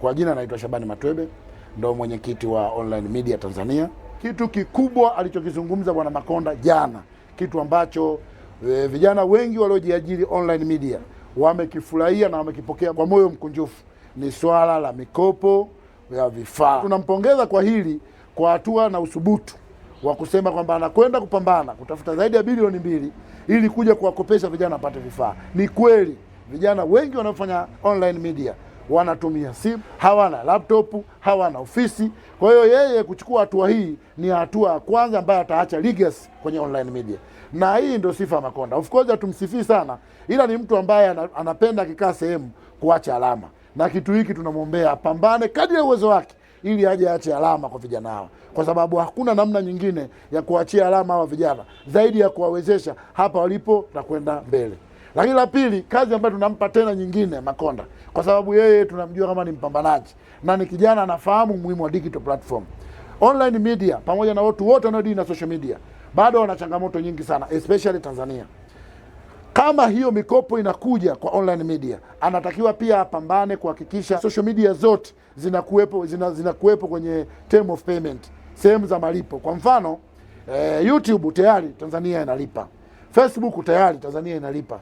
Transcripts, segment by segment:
Kwa jina naitwa Shabani Matwebe, ndo mwenyekiti wa Online Media Tanzania. Kitu kikubwa alichokizungumza Bwana Makonda jana, kitu ambacho e, vijana wengi waliojiajiri online media wamekifurahia na wamekipokea kwa moyo mkunjufu ni swala la mikopo ya vifaa. Tunampongeza kwa hili, kwa hatua na uthubutu wa kusema kwamba anakwenda kupambana kutafuta zaidi ya bilioni mbili ili kuja kuwakopesha vijana wapate vifaa. Ni kweli vijana wengi wanaofanya online media wanatumia simu, hawana laptop, hawana ofisi. Kwa hiyo yeye kuchukua hatua hii ni hatua ya kwanza ambayo ataacha legacy kwenye online media, na hii ndio sifa ya Makonda. Of course hatumsifii sana, ila ni mtu ambaye anapenda akikaa sehemu kuacha alama, na kitu hiki tunamwombea apambane kadri ya uwezo wake ili aje aache alama kwa vijana hawa, kwa sababu hakuna namna nyingine ya kuachia alama hawa vijana zaidi ya kuwawezesha hapa walipo na kwenda mbele. Lakini la pili, kazi ambayo tunampa tena nyingine Makonda, kwa sababu yeye tunamjua kama ni mpambanaji na ni kijana anafahamu umuhimu wa digital platform, online media, pamoja na watu wote wanaodili na social media, bado wana changamoto nyingi sana especially Tanzania. Kama hiyo mikopo inakuja kwa online media, anatakiwa pia apambane kuhakikisha social media zote zinakuwepo zina, zinakuwepo kwenye term of payment, sehemu za malipo. Kwa mfano eh, YouTube tayari Tanzania inalipa, Facebook tayari Tanzania inalipa.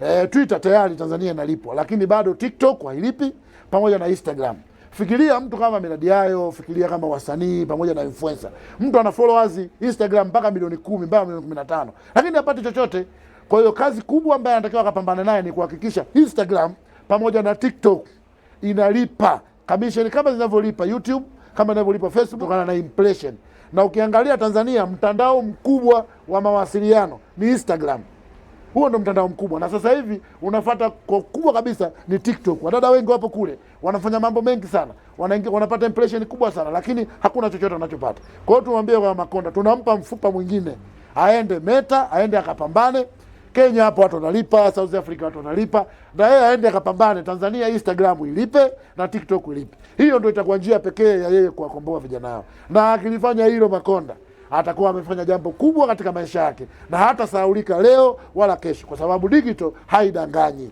E, Twitter tayari Tanzania inalipwa, lakini bado TikTok hailipi pamoja na Instagram. Fikiria mtu kama miradi yayo fikiria kama wasanii pamoja na influencer, mtu ana followers Instagram mpaka milioni kumi mpaka milioni kumi na tano lakini hapati chochote. Kwa hiyo kazi kubwa ambayo anatakiwa akapambana naye ni kuhakikisha Instagram pamoja na TikTok inalipa kamisheni kama zinavyolipa YouTube, kama inavyolipa Facebook kutokana na impression. Na ukiangalia Tanzania, mtandao mkubwa wa mawasiliano ni Instagram. Huo ndo mtandao mkubwa, na sasa hivi unafata kwa kubwa kabisa ni TikTok. Wadada wengi wapo kule, wanafanya mambo mengi sana, wanaingia wanapata impression kubwa sana, lakini hakuna chochote wanachopata. Kwa hiyo tumwambie kwa Makonda, tunampa mfupa mwingine, aende Meta, aende akapambane Kenya hapo watu wanalipa, South Africa watu wanalipa, na yeye aende akapambane Tanzania, Instagram ilipe na TikTok ilipe. Hiyo ndio itakuwa njia pekee ya yeye kuwakomboa vijana hao, na akilifanya hilo Makonda atakuwa amefanya jambo kubwa katika maisha yake na hata saulika leo wala kesho, kwa sababu digital haidanganyi.